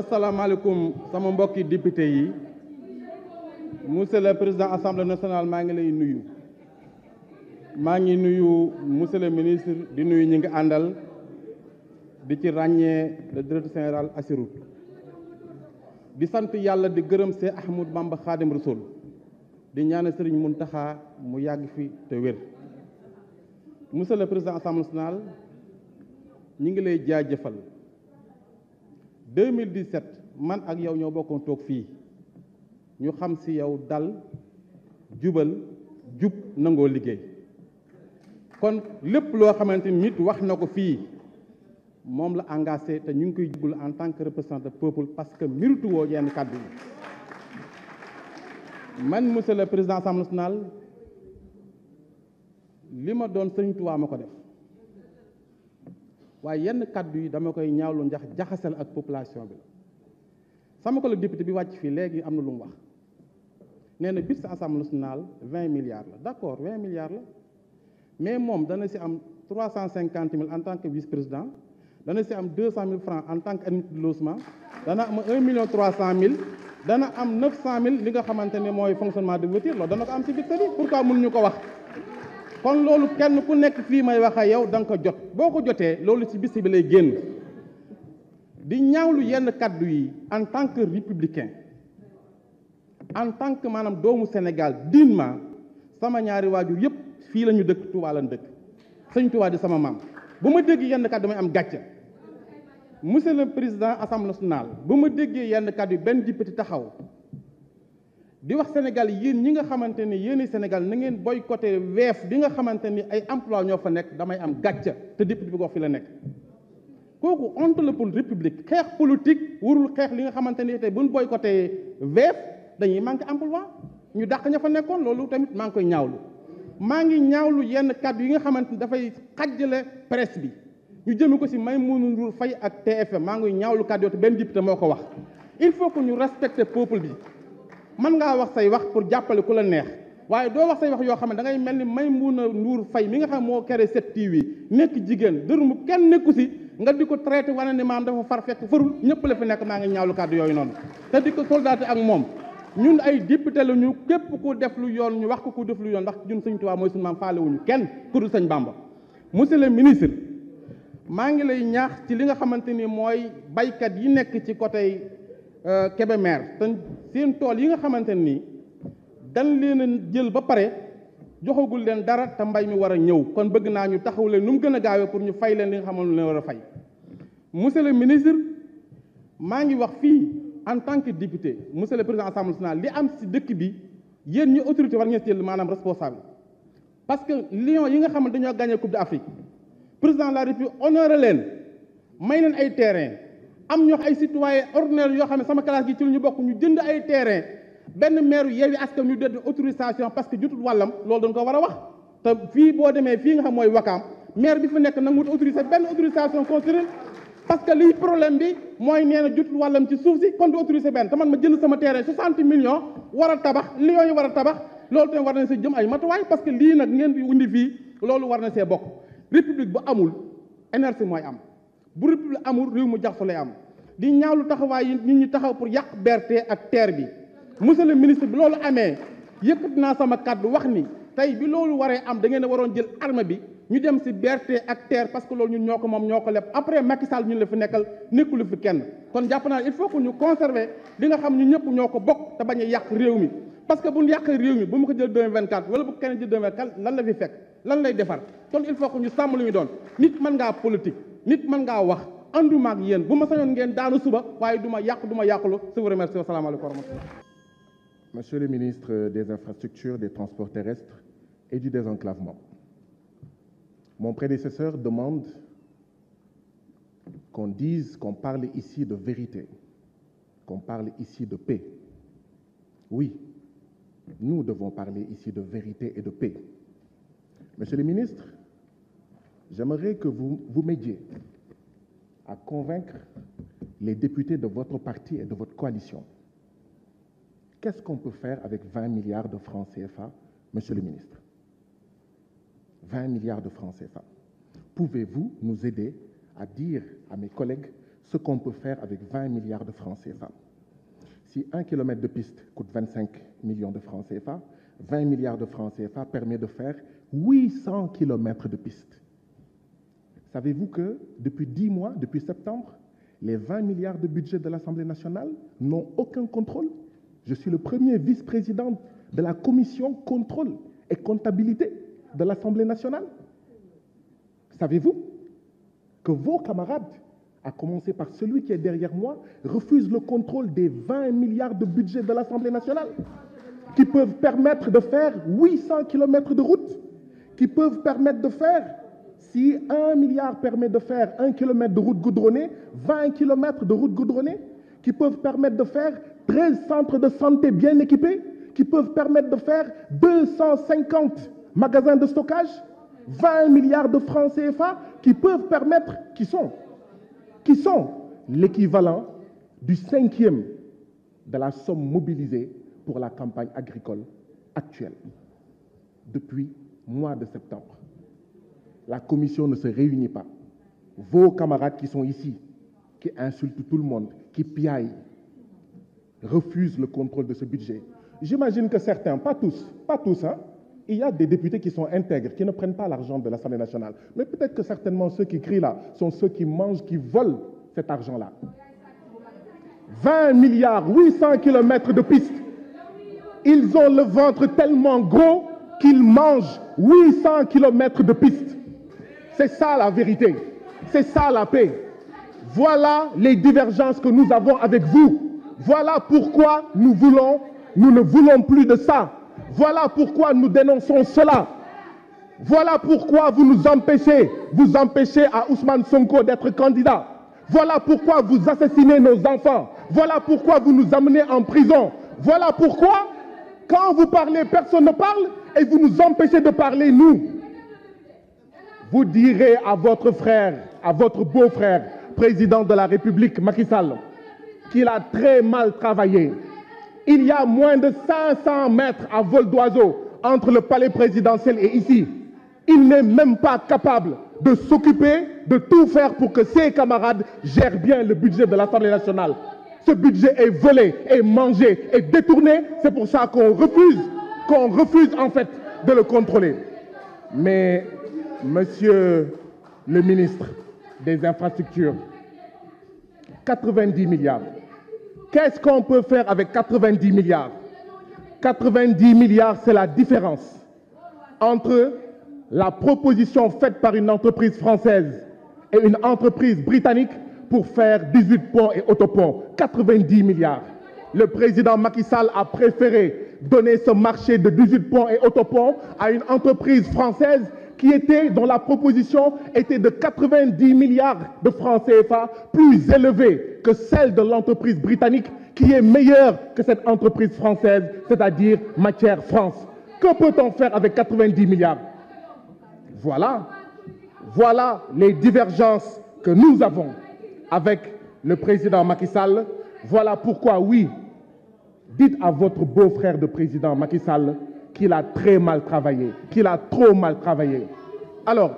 asalaamaaleykum sama mbokki député yi monsieur le président assemblée nationale maa ngi lay nuyu maa ngi nuyu monsieur le ministre di nuyu ñu ngi àndal di ci ràññee le directeur général Assirut di sant yàlla di gërëm see Ahmad Bamba Xaadim Rasul di ñaanal Sëriñ Muntaxa mu yàgg fi te wér monsieur le président assemblée nationale ñi ngi lay jaajëfal 2017 man ak yow ñoo bokkoon toog fii ñu xam si yow dal jubal jub nangoo liggéey kon lépp loo xamante ni nit wax na ko fii moom la engagé te ñu ngi koy jubal en tant que représentant peuple parce que mérite woo yenn kàddu yi man monsieur président assemblée nationale li ma doon Sëriñ Tuubaa ma ko def waaye yenn kàddu yi dama koy ñaawlu ndax jaxasal ak population bi la sama collègue député bi wàcc fii léegi am na lu mu wax nee na budget assemblée nationale vingt milliards la d'accord vingt milliards la mais moom dana si am trois cent cinquante mille en tant que vice président dana si am deux cent mille francs en tant que indemnité de cent mille dana am neuf cent mille li nga xamante ne mooy fonctionnement de voiture loolu dana ko am si budget bi pourquoi ko wax kon loolu kenn ku nekk fii may wax ak yow da ko jot boo ko jotee loolu ci bis bi lay génn di ñaawlu yenn kàddu yi en tant que républicain en tant que maanaam doomu Sénégal dignement sama ñaari waajur yëpp fii la ñu dëkk Touba lan dëkk sëñ Touba di sama maam bu ma dégg yenn kàddu damay am gàcce monsieur le président assemblée nationale bu ma déggee yenn kàddu yi benn député taxaw di wax Sénégal yéen ñi nga xamante ne yéen Sénégal na ngeen boycotté weef bi nga xamante ni ay emploi ñoo fa nekk damay am gàcca te député bi ko fi la nekk kooku honte la pour république xeex politique warul xeex li nga xamante ni tey buñ boycotté weef dañuy manqué emploi ñu dàq ña fa nekkoon loolu tamit maa ngi koy ñaawlu maa ngi ñaawlu yenn kàddu yi nga xamante ni dafay xajjale presse bi ñu jëme ko si Maïmouna Ndour Faye ak TFM maa ngi ñaawlu kàddu yoo benn député moo ko wax il faut que ñu respecté peuple bi mën ngaa wax say wax pour jàppale ku la neex waaye doo wax say wax yoo xam ne dangay mel ni may Maimouna Ndour Faye mi nga xam moo kere 7TV nekk jigéen dërmu kenn nekku si nga di ko traité wane ni maam dafa far fekk farul ñëpp la fi nekk maa ngi ñaawlu kàddu yooyu noonu te di ko soldaté ak moom ñun ay député la ñu képp ku def lu yoon ñu wax ko ku def lu yoon ndax ñun sëñ Tuubaa mooy suñu maam faalewuñu kenn ku dul sëñ Bàmba monsieur le ministre maa ngi lay ñaax ci li nga xamante ni mooy baykat yi nekk ci côté Euh, Kébémer te seen tool yi nga xamante nii dañ leen a jël ba pare joxagul leen dara te mbay mi war a ñëw kon bëgg naa ñu taxaw leen nu mu gën a gaawee pour ñu fay leen li nga xaman leen war a fay monsieur le ministre maa ngi wax fii en tant que député monsieur le président assemblée naa li am si dëkk bi yéen ñu autorité war ngeen si jël maanaam responsable parce que lion yi nga xam dañoo gagné coupe d'Afrique président la république honoré leen may leen ay terrain am ñoo ay citoyen ordinaire yoo xam ne sama classe gi ci lu ñu bokk ñu jënd ay terrain benn maire Yewwi Askan ñu dëdd autorisation parce que jotul wàllam loolu dañ ko war a wax te fii boo demee fii nga xam mooy wakaam maire bi fi nekk nanguwut autorisé benn autorisation construire parce que liy problème bi mooy nee na jotul wàllam ci suuf si kon du autorisé benn te man ma jënd sama terrain 60 millions war a tabax lions yi war a tabax loolu tamit war na see jëm ay matuwaay parce que lii nag ngeen di wundi fii loolu war na see bokk république bu amul énergie mooy am bu république amul réew mu jaxasoo lay am di ñaawlu taxawaay yi ñu ñi taxaw pour yàq berte ak teer bi monsieur le ministre bi loolu amee yëkkat naa sama kàddu wax ni tey bi loolu waree am da ngeen a waroon jël arme bi ñu dem si berte ak terre parce que loolu ñun ñoo ko moom ñoo ko leb après Macky Sall ñun la fi nekkal nekkul fi kenn kon jàpp naa il faut que ñu conserver li nga xam ñu ñëpp ñoo ko bokk te bañ a yàq réew mi parce que bu ñu yàqee réew mi bu mu ko jël 2024 wala bu kenn jël 2024 lan la fi fekk lan lay defar kon il faut que ñu sàmm lu ñu doon nit mën ngaa politique nit mën ngaa wax ànduma ak yéen bu ma sañoon ngeen daanu suba waaye du ma yàq du ma yàqulu je vous remercie wa salaamu aleykum wa rahmatullah monsieur le ministre des infrastructures des transports terrestres et du désenclavement mon prédécesseur demande qu'on dise qu'on parle ici de vérité qu'on parle ici de paix oui nous devons parler ici de vérité et de paix monsieur le ministre j'aimerais que vous vous m'aidiez à convaincre les députés de votre parti et de votre coalition. quest faire avec 20 milliards de francs CFA, monsieur le ministre 20 milliards de francs CFA. Pouvez-vous nous aider à dire à mes collègues ce qu'on peut de francs CFA Si un kilomètre de piste coûte 25 millions de francs CFA, 20 milliards de francs CFA permet de faire 800 kilomètres de piste. Savez-vous que depuis dix mois, depuis septembre, les 20 milliards de budget de l'Assemblée nationale n'ont aucun contrôle Je suis le premier vice-président de la commission contrôle et comptabilité de l'Assemblée nationale. Savez-vous que vos camarades, à commencer par celui qui est derrière moi, refusent le contrôle des 20 milliards de budget de l'Assemblée nationale qui peuvent permettre de faire kilomètres de route, qui peuvent permettre de faire Si un milliard permet de faire un kilomètre de route goudronnée, 20 kilomètres de route goudronnée, qui peuvent permettre de faire 13 centres de santé bien équipés, qui peuvent permettre de faire 250 magasins de stockage, 20 milliards de francs CFA, qui peuvent permettre, qui sont, qui sont l'équivalent du cinquième de la somme mobilisée pour la campagne agricole actuelle depuis mois de septembre. la commission ne se réunit pas. Vos camarades qui sont ici, qui insultent tout le monde, qui piaillent, refusent le contrôle de ce budget. J'imagine que certains, pas tous, pas tous, il y a des députés qui sont intègres, qui ne prennent pas l'argent de l'Assemblée nationale. Mais peut-être que certainement ceux qui crient là sont ceux qui mangent, qui volent cet argent-là. 20 milliards, 800 kilomètres de pistes. Ils ont le ventre tellement gros qu'ils mangent 800 kilomètres de pistes. C'est ça la vérité. C'est ça la paix. Voilà les divergences que nous avons avec vous. Voilà pourquoi nous voulons, nous ne voulons plus de ça. Voilà pourquoi nous dénonçons cela. Voilà pourquoi vous nous empêchez, vous empêchez à Ousmane Sonko d'être candidat. Voilà pourquoi vous assassinez nos enfants. Voilà pourquoi vous nous amenez en prison. Voilà pourquoi, quand vous parlez, personne ne parle et vous nous empêchez de parler, nous. vous direz à votre frère, à votre beau-frère, président de la République, Macky Sall, qu'il a très mal travaillé. Il y a moins de 500 mètres à vol d'oiseau entre le palais présidentiel et ici. Il n'est même pas capable de s'occuper, de tout faire pour que ses camarades gèrent bien le budget de l'Assemblée nationale. Ce budget est volé, est mangé, est détourné. C'est pour ça qu'on refuse en fait de le contrôler. Mais Monsieur le ministre des Infrastructures, 90 milliards. Qu'est-ce qu'on peut faire avec 90 milliards 90 milliards, c'est la différence entre la proposition faite par une entreprise française et une entreprise britannique pour faire 18 ponts et autoponts. 90 milliards. Le président Macky Sall a préféré donner ce marché de 18 ponts et autoponts à une entreprise française qui était dans la proposition était de 90 milliards de francs CFA, plus élevée que celle de l'entreprise britannique, qui est meilleure que cette entreprise française, c'est-à-dire Matière France. Que peut-on faire avec 90 milliards Voilà, voilà les divergences que nous avons avec le président Macky Sall. Voilà pourquoi, oui, dites à votre beau de président Macky Sall qu'il a très mal travaillé, qu'il a Alors,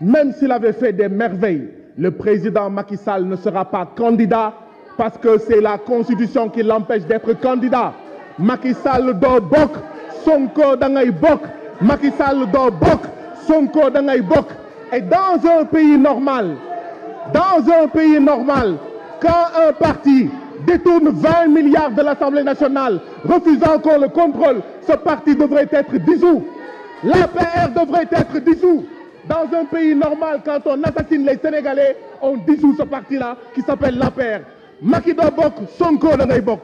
même s'il avait fait des merveilles, le président Macky Sall ne sera pas candidat parce que c'est la constitution qui l'empêche d'être candidat. Macky Sall doo bokk Sonko da ngay bokk Macky Sall doo bokk Sonko da ngay bokk et dans un pays normal dans un pays normal quand un parti détourne 20 milliards de l'Assemblée nationale, refusant encore le contrôle, ce parti devrait être dissous. L'APR devrait être dissous. Dans un pays normal, quand on assassine les Sénégalais, on dissout ce parti-là qui s'appelle l'APR. Macky Bok, Sonko Bok.